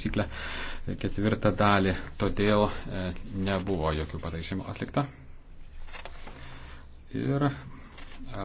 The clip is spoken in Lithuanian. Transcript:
taisyklę ketvirtą dalį, todėl e, nebuvo jokių pataisimų atlikta. Ir